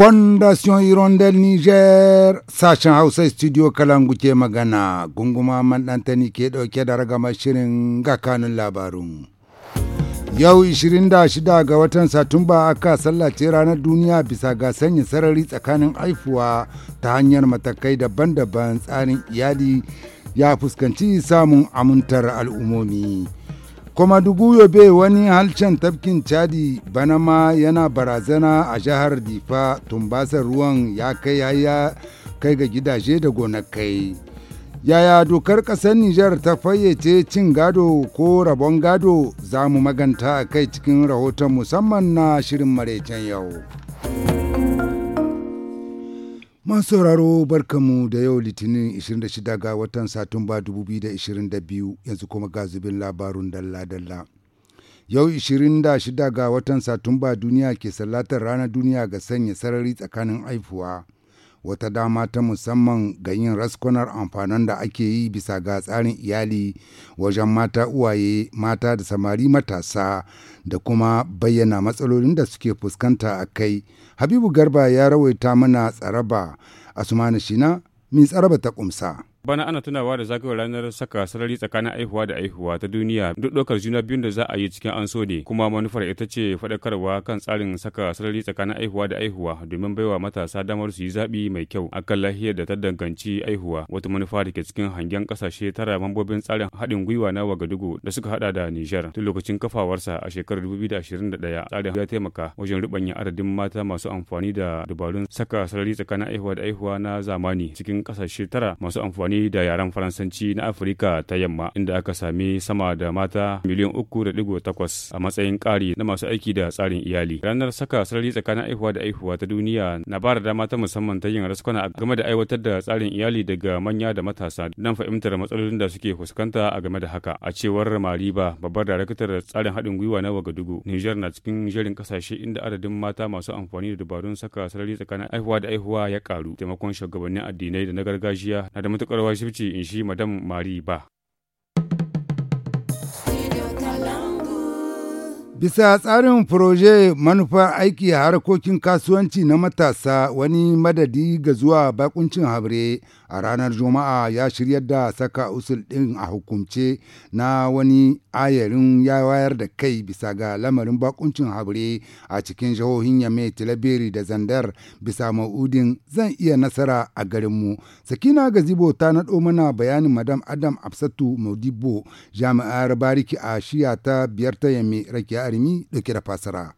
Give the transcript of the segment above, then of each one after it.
fondation hirondelle niger sashen hausa studio kalangu ke magana gunguma maɗantani ke dauke da ragama shirin ga kanun labarun yau 26 ga watan satumba aka sallace ranar duniya bisa ga sanya sarari tsakanin haifuwa ta hanyar matakai daban-daban tsarin iyali ya fuskanci samun amintar al'umomi. kuma dubu yobe wani halcin tafkin chadi bana ma yana barazana a jihar difa tumbasar ruwan ya kai ya kai ga gidaje da gonakai yaya dokar ƙasar nijar ta fayyace cin gado ko rabon gado za mu maganta a kai cikin rahoton musamman na shirin maraicen yau. Man sauraro barkamu da yau litinin 26 ga watan Satumba 2022 yanzu kuma ga zubin labarun dalla-dalla. Yau 26 ga watan Satumba duniya ke sallatar ranar duniya ga sanya sarari tsakanin aifuwa. wata dama ta musamman ga yin raskunar amfanin da ake yi bisa ga tsarin iyali wajen mata uwaye mata da samari matasa da kuma bayyana matsalolin da suke fuskanta a kai habibu garba ya rawaita mana tsaraba a shina min tsaraba ta kumsa. Bana ana tunawa da zagayowar ranar saka sarari tsakanin aihuwa da aihuwa ta duniya duk ɗaukar juna biyun da za a yi cikin an so ne kuma manufar ita ce faɗakarwa kan tsarin saka sarari tsakanin aihuwa da aihuwa domin baiwa matasa damar su yi zaɓi mai kyau akan lahiyar da ta danganci aihuwa wata manufa da ke cikin hangen ƙasashe tara mambobin tsarin haɗin gwiwa na Wagadugu da suka haɗa da Nijar tun lokacin kafawarsa a shekarar 2021 tsarin ya taimaka wajen ruɓanya adadin mata masu amfani da dabarun saka sarari tsakanin aihuwa da aihuwa na zamani cikin ƙasashe tara masu amfani amfani da yaren faransanci na afirka ta yamma inda aka sami sama da mata miliyan uku da digo takwas a matsayin ƙari na masu aiki da tsarin iyali ranar saka sarari tsakanin aihuwa da aihuwa ta duniya na ba da dama ta musamman ta yin raskwana game da aiwatar da tsarin iyali daga manya da matasa don fahimtar matsalolin da suke fuskanta a game da haka a cewar mariba babbar daraktar tsarin haɗin gwiwa na wagadugu niger na cikin jerin ƙasashe inda adadin mata masu amfani da dabarun saka sarari tsakanin aihuwa da aihuwa ya ƙaru taimakon shugabannin addinai da na gargajiya na da matuƙar shi in shi madam mari ba Bisa tsarin furoje manufar aiki harkokin kasuwanci na matasa wani madadi ga zuwa bakuncin habre a ranar juma'a ya shiryar da saka usul ɗin a hukumce na wani ayarin ya wayar da kai bisa ga lamarin bakuncin habire a cikin jihohin yame tilabiri da zandar bisa ma'udin zan iya nasara a garinmu sakina gazibo ta naɗo mana bayanin madam adam absatu maudibo jami'ar bariki a shiya ta biyar ta yame rakiya armi ɗauke da fasara.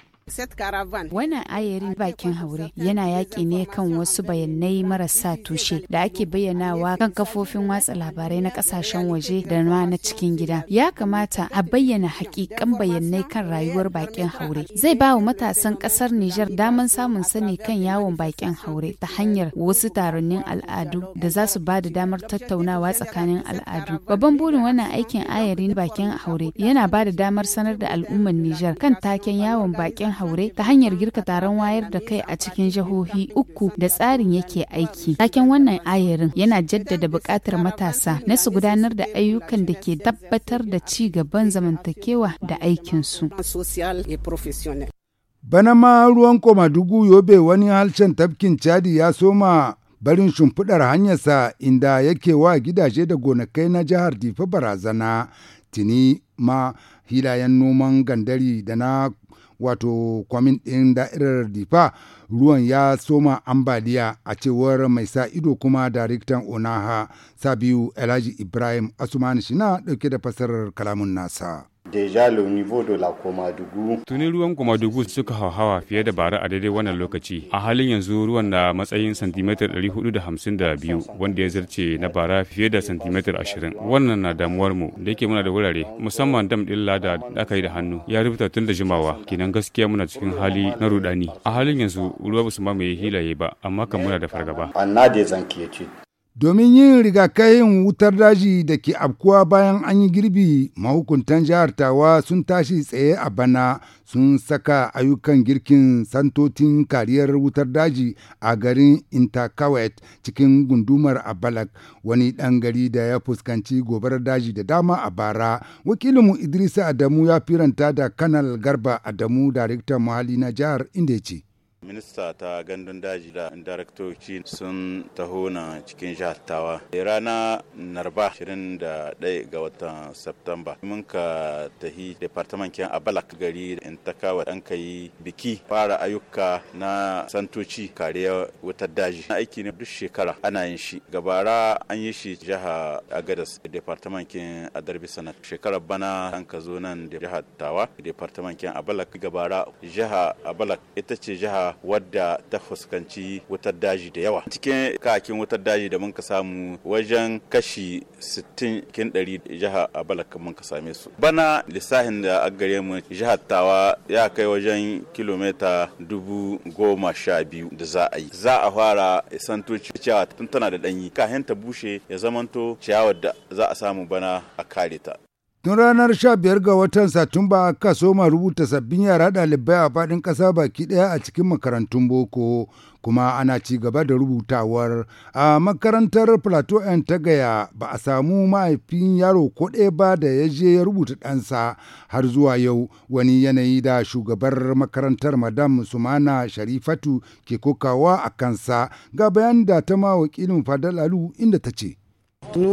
Wannan ayarin bakin haure yana yaƙi ne kan wasu bayanai marasa tushe da ake bayyanawa kan kafofin watsa labarai na ƙasashen waje da ma na cikin gida. Ya kamata a bayyana hakikan bayanai kan rayuwar bakin haure. Zai ba wa matasan ƙasar Nijar daman samun sani kan yawon bakin haure ta hanyar wasu taronin al'adu da za su ba da damar tattaunawa tsakanin al'adu. Babban burin wannan aikin ayarin bakin haure yana ba da damar sanar da al'ummar Nijar kan taken yawon bakin bakin haure ta hanyar girka taron wayar da kai a cikin jihohi uku da tsarin yake aiki. Taken wannan ayarin yana jaddada buƙatar matasa na su gudanar da ayyukan da ke tabbatar da ci gaban zamantakewa da aikinsu. Bana ma ruwan koma dugu Yobe wani halcin tafkin Chadi ya soma barin shimfiɗar hanyarsa inda yake wa gidaje da gonakai na jihar Difa barazana. Tini ma hilayen noman gandari da na wato kwamin ɗin da'irar difa ruwan ya soma ambaliya a cewar mai sa ido kuma daraktan onaha sabiu elhaji ibrahim asumani shina ɗauke da fasarar kalamun nasa. Tuni ruwan Komadugu suka hauhawa fiye da bara a daidai wannan lokaci. A halin yanzu ruwan na matsayin santimetar ɗari 452 wanda ya zarce na bara fiye da santimetar ashirin. Wannan na damuwar mu da yake muna da wurare musamman dam ɗin lada da aka yi da hannu ya rubuta tun da jimawa kenan gaskiya muna cikin hali na rudani. A halin yanzu ruwa ba su mamaye hilaye ba amma kan muna da fargaba. Domin yin rigakafin wutar daji da ke afkuwa bayan an yi girbi, mahukuntan jihar Tawa sun tashi tsaye a bana sun saka ayyukan girkin santotin kariyar wutar daji a garin Intakawet cikin gundumar Abalak, wani ɗan gari da ya fuskanci gobar daji da dama a bara. Wakilinmu Idrisa Adamu ya firanta da Kanal Garba Adamu, daraktan muhalli na jihar inda ce. minista ta gandun daji da daraktoci sun taho na cikin jihar tawa eh, rana narba 21 ga watan september. mun ka tahi departamentin abalak gari in takawa an dan biki fara ayyuka na santoci kariya wutar daji na aiki ne duk shekara ana yin shi gabara an yi shi jiha agadas departamentin adarbi sanat shekarar bana an ka zo nan da jihar tawa departamentin abalak gabara jiha abalak ita ce jiha wadda ta fuskanci wutar daji da yawa cikin kakin wutar daji da mun ka samu wajen kashi 60 kin ɗari jiha a mun ka same su bana lissahin da a gare mu jihar tawa ya kai wajen kilomita dubu goma sha biyu da za a yi za a fara santoci ciyawa tun tana da ɗanyi kahin ta bushe ya zamanto ciyawar da za a samu bana a kare ta Tun ranar 15 ga watan Satumba aka soma rubuta sabbin yara ɗalibai a faɗin ƙasa baki ɗaya a cikin makarantun boko kuma ana ci gaba da rubutawar a makarantar plateau 'yan ta gaya ba a samu mahaifin yaro ko ɗaya ba da ya je ya rubuta ɗansa har zuwa yau wani yanayi da shugabar makarantar madam sumana sharifatu ke kokawa a kansa ga bayan da ta ma wakilin fadal alu inda ta ce Tun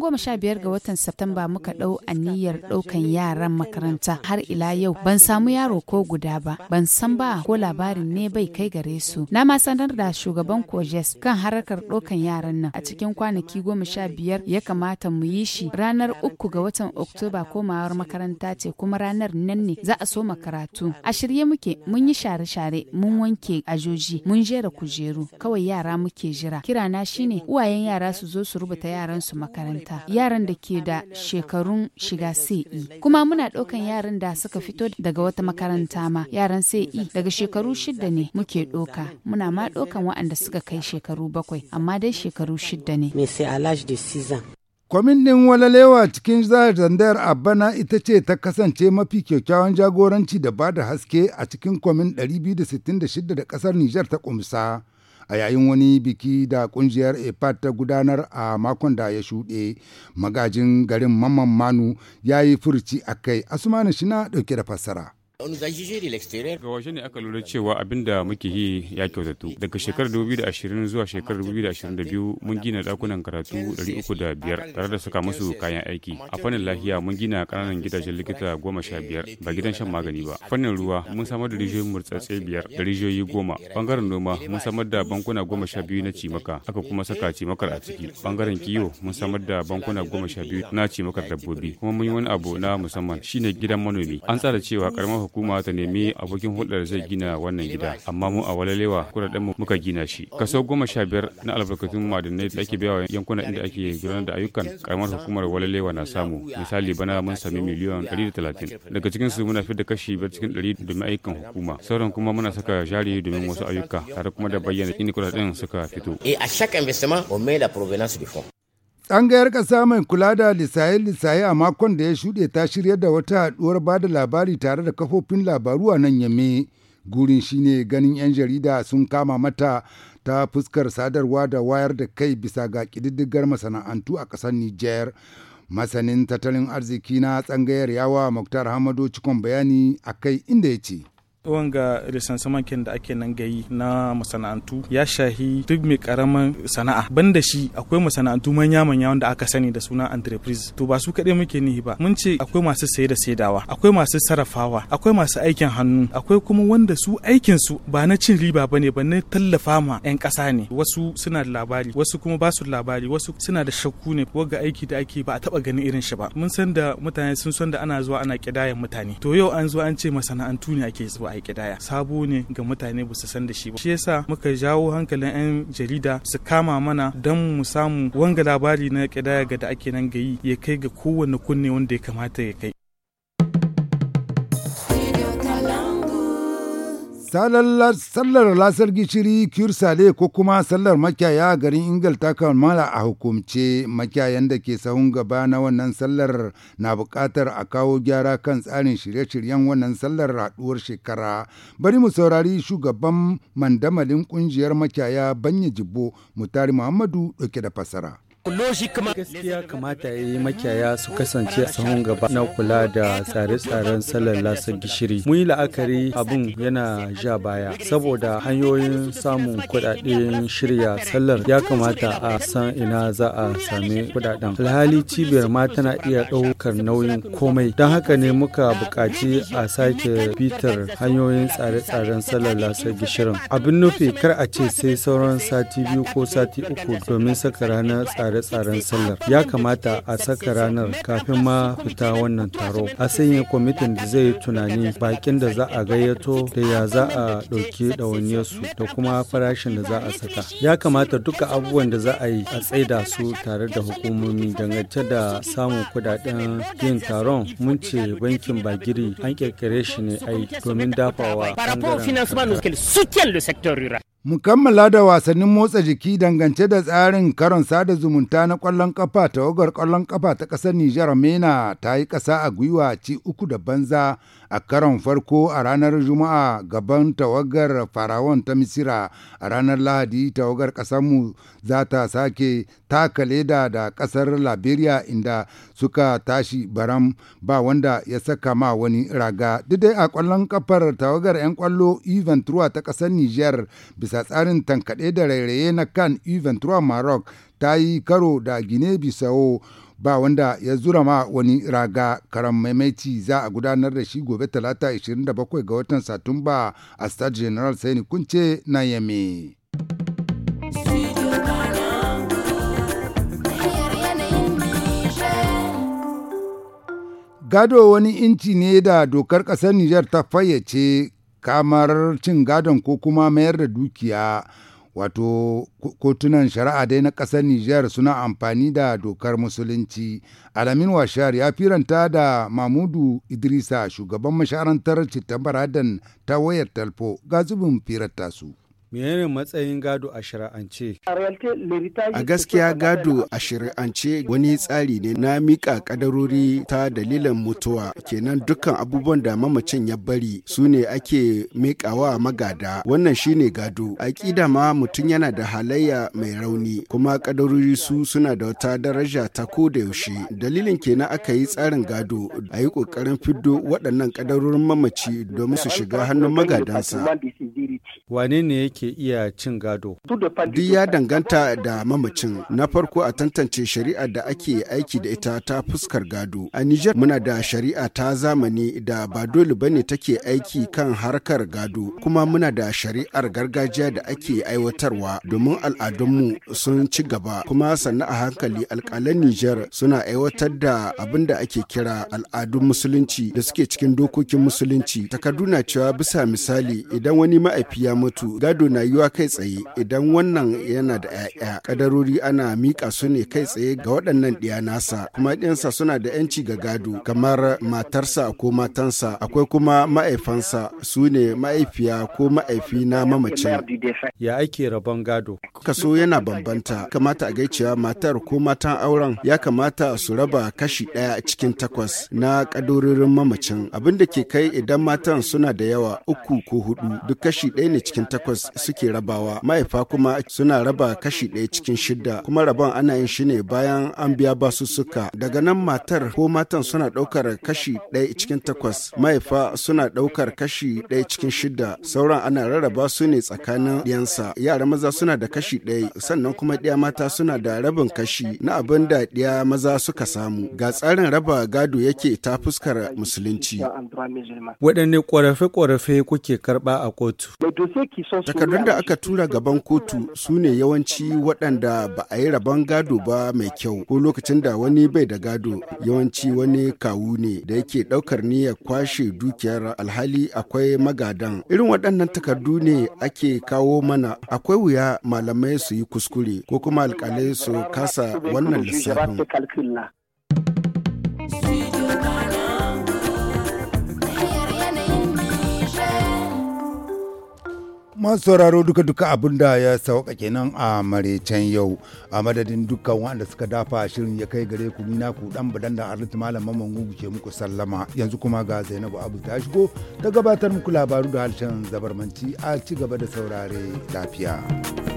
goma sha biyar ga watan satumba muka ɗau aniyar ɗaukan yaran makaranta har ila yau ban samu yaro ko guda ba, ban san ba ko labarin ne bai kai gare su. Na ma sanar da shugaban Kojes kan harkar ɗaukan yaran nan a cikin kwanaki goma sha biyar ya kamata mu yi shi ranar uku ga watan Oktoba komawar makaranta ce kuma ranar nan ne za a soma karatu. A shirye muke mun yi share-share mun wanke ajoji mun jera kujeru kawai yara muke jira. Kirana shine uwayen yara su zo su rubuta yaran su makaranta yaran da ke da shekarun shiga CE kuma muna ɗaukan yaran da suka fito daga wata makaranta ma yaran CE daga shekaru shida ne muke ɗoka muna ma ɗaukan waɗanda suka kai shekaru bakwai amma dai shekaru shida ne. Kwamitin walalewa cikin zandar a bana ita ce ta kasance mafi kyakkyawan jagoranci da ba da haske a cikin kwamin 266 da kasar Nijar ta kumsa. a yayin wani biki da kungiyar EPAT ta gudanar a makon da ya shuɗe. Magajin garin Mamman Manu ya yi furci a kai, Asumani shina ɗauke da fassara. Ga waje ne aka lura cewa abin da muke yi ya kyautatu. Daga shekarar 2020 zuwa shekarar 2022 mun gina dakunan karatu 305 tare da saka musu kayan aiki. A fannin lafiya mun gina kananan gidajen likita goma sha biyar ba gidan shan magani ba. Fannin ruwa mun samar da rijiyoyin murtsatse biyar da rijiyoyi goma. Bangaren noma mun samar da bankuna goma biyu na cimaka aka kuma saka cimakar a ciki. Bangaren kiwo mun samar da bankuna biyu na cimakar dabbobi kuma mun yi wani abu na musamman shine gidan manomi. An tsara cewa karamar hukuma ta nemi abokin hulɗar zai gina wannan gida amma mu a walalewa kudaden mu muka gina shi kaso goma sha biyar na albarkatun madinai da ake biyawa yankuna inda ake gudanar da ayyukan karamar hukumar walalewa na samu misali bana mun sami miliyan talatin. daga cikin su muna fitar da kashi ba cikin ɗari domin ayyukan hukuma sauran kuma muna saka jari domin wasu ayyuka tare kuma da bayyana inda kudaden suka fito et à chaque on met Tsangayar ƙasa mai kula da lisaye-lisaye a makon da ya shuɗe ta shirya da wata haɗuwar ba da labari tare da kafofin labaru a nan yamme. Gurin shine ganin 'yan jarida sun kama mata ta fuskar sadarwa da wayar da kai bisa ga ƙididdigar masana'antu a ƙasar Nijar. Masanin tattalin arziki na tsangayar yawa Muktar Hamado cikon bayani a kai inda ya ce. wanga recenseman makin da ake nan gayi na masana'antu ya shahi duk mai karamin sana'a banda shi akwai masana'antu manya manya wanda aka sani da suna entreprise to ba su kaɗai muke nihi ba mun ce akwai masu saye da saidawa akwai masu sarrafawa akwai masu aikin hannu akwai kuma wanda su aikin su ba na cin riba bane ba na tallafa ma yan ƙasa ne wasu suna da labari wasu kuma ba su labari wasu suna da shakku ne ga aiki da ake ba a taba ganin irin shi ba mun san da mutane sun san da ana zuwa ana kidayen mutane to yau an zo an ce masana'antu ne ake zuwa a yi sabo ne ga mutane ba su san da shi ba shi yasa muka jawo hankalin 'yan jarida su kama mana don mu samu wanga labari na kidaya ga da ake nan gayi ya kai ga kowane kunne wanda ya kamata ya kai sallar lasar gishiri kirsale ko kuma sallar makiyaya garin ingal ta kammala a hukumce makiyayan da ke sahun gaba na wannan sallar na buƙatar a kawo gyara kan tsarin shirye-shiryen wannan sallar haɗuwar shekara bari mu saurari shugaban mandamalin ƙungiyar makiyaya banya jibbo mutari muhammadu ɗauke da fasara gaskiya kamata ya yi makiyaya su kasance a sahun gaba na kula da tsare-tsaren salon lasar gishiri mun yi la'akari abun yana ja baya saboda hanyoyin samun kudaden shirya sallar ya kamata a san ina za a sami kudaden alhali cibiyar ma tana iya ɗaukar nauyin komai don haka ne muka buƙaci a sake bitar hanyoyin tsare-tsaren sallar lasar gishirin abin nufi kar a ce sai sauran sati biyu ko sati uku domin saka ranar tsare tsare-tsaren sallar ya kamata a saka ranar kafin ma fita wannan taro a sanya kwamitin da zai tunani bakin da za a gayyato da ya za a ɗauki ɗawainiyarsu da kuma farashin da za a saka ya kamata duka abubuwan da za a yi a tsaida su tare da hukumomi dangance da samun kudaden yin taron mun ce bankin bagiri an kirkire shi ne ai domin dafawa Mu kammala da wasannin motsa jiki dangance da tsarin karon sada zumunta na ƙwallon ƙafa tawagar ƙwallon ƙafa ta ƙasar Nijar Mena ta yi ƙasa a gwiwa ci uku da banza a karon farko a ranar Juma'a gaban tawagar Farawon ta Misira a ranar Lahadi tawagar ƙasarmu za ta sake taka leda da ƙasar Liberia inda suka tashi baram ba wanda ya saka ma wani raga. didai a ƙwallon kafar tawagar 'yan ƙwallo eventura ta ƙasar Niger bisa tsarin tankaɗe da rairaye na kan eventura Maroc ta yi karo da Guinea-Bissau ba wanda ya zura ma wani raga karan maimaici za a gudanar da shi gobe talata 27 ga watan satumba a stade general sani kunce na yame. Gado wani inci ne da dokar kasar Nijar ta fayyace kamar cin gadon ko kuma mayar da dukiya wato kotunan shari'a dai na ƙasar Nijar suna amfani da dokar musulunci. Alamin Washar ya firanta da Mamudu Idrisa shugaban masharantar Citta Baradan ta wayar talfo ga zubin firar tasu. menene matsayin gado a shari'ance a gaskiya gado a shari'ance wani tsari ne na mika kadarori ta dalilan mutuwa kenan dukkan abubuwan da mamacin ya bari su ne ake mikawa magada wannan shine gado aƙida ma mutum yana da halayya mai rauni kuma kadarori su suna da wata daraja ta ko da yaushe dalilin kenan aka yi tsarin gado a yi ƙoƙarin fiddo waɗannan kadarorin mamaci domin su shiga hannun magadansa wane ne yake ke iya cin gado? Duk ya danganta da mamacin. Na farko a tantance shari'a da ake aiki da ita ta fuskar gado. A Nijar muna da shari'a ta zamani da ba dole ba ne take aiki kan harkar gado. Kuma muna da shari'ar gargajiya da ake aiwatarwa domin al'adunmu sun ci gaba. Kuma sannan a hankali alƙalan Nijar suna aiwatar da abin da ake kira al'adun musulunci da suke cikin dokokin musulunci. Takardu na cewa bisa misali idan wani ma'aifi ya mutu gado na yiwa kai tsaye idan wannan yana da 'ya'ya kadarori ana mika su ne kai tsaye ga waɗannan ɗiya nasa kuma ɗiyansa suna da 'yanci ga gado kamar matarsa ko matansa akwai kuma ma'aifansa su ne ma'aifiya ko ma'aifi na mamacin. Ya ake rabon gado? Kaso yana bambanta kamata a gaicewa matar ko matan auren ya kamata su raba kashi ɗaya cikin takwas na kadarorin mamacin abin da ke kai idan matan suna da yawa uku ko hudu duk kashi ɗaya ne cikin takwas suke rabawa mahaifa kuma suna raba kashi ɗaya cikin shida kuma rabon ana yin shi ne bayan an biya basussuka daga nan matar ko matan suna ɗaukar kashi ɗaya cikin takwas mahaifa suna ɗaukar kashi ɗaya cikin shida sauran ana rarraba su ne tsakanin ɗiyansa yara maza suna da kashi ɗaya sannan kuma ɗiya mata suna da rabin kashi na abin da ɗiya maza suka samu ga tsarin raba gado yake ta fuskar musulunci waɗanne ƙorafe-ƙorafe kuke karɓa a kotu Takardun da aka tura gaban kotu su ne yawanci waɗanda ba a yi rabon gado ba mai kyau ko lokacin da wani bai da gado yawanci wani kawu ne da yake ɗaukar niyyar kwashe dukiyar alhali akwai magadan. Irin waɗannan takardu ne ake kawo mana akwai wuya malamai su yi kuskure ko kuma alƙalai su kasa wannan lissafin. masu sauraro duka-duka abin da ya sauka kenan a maraicen yau a madadin dukkan wanda suka dafa shirin ya kai gare ku nina ku dan badan da arziki malam maman gugu ke muku sallama yanzu kuma ga zainabu abu ta shigo ta gabatar muku labaru da harshen zabarmanci a ci gaba da saurare lafiya.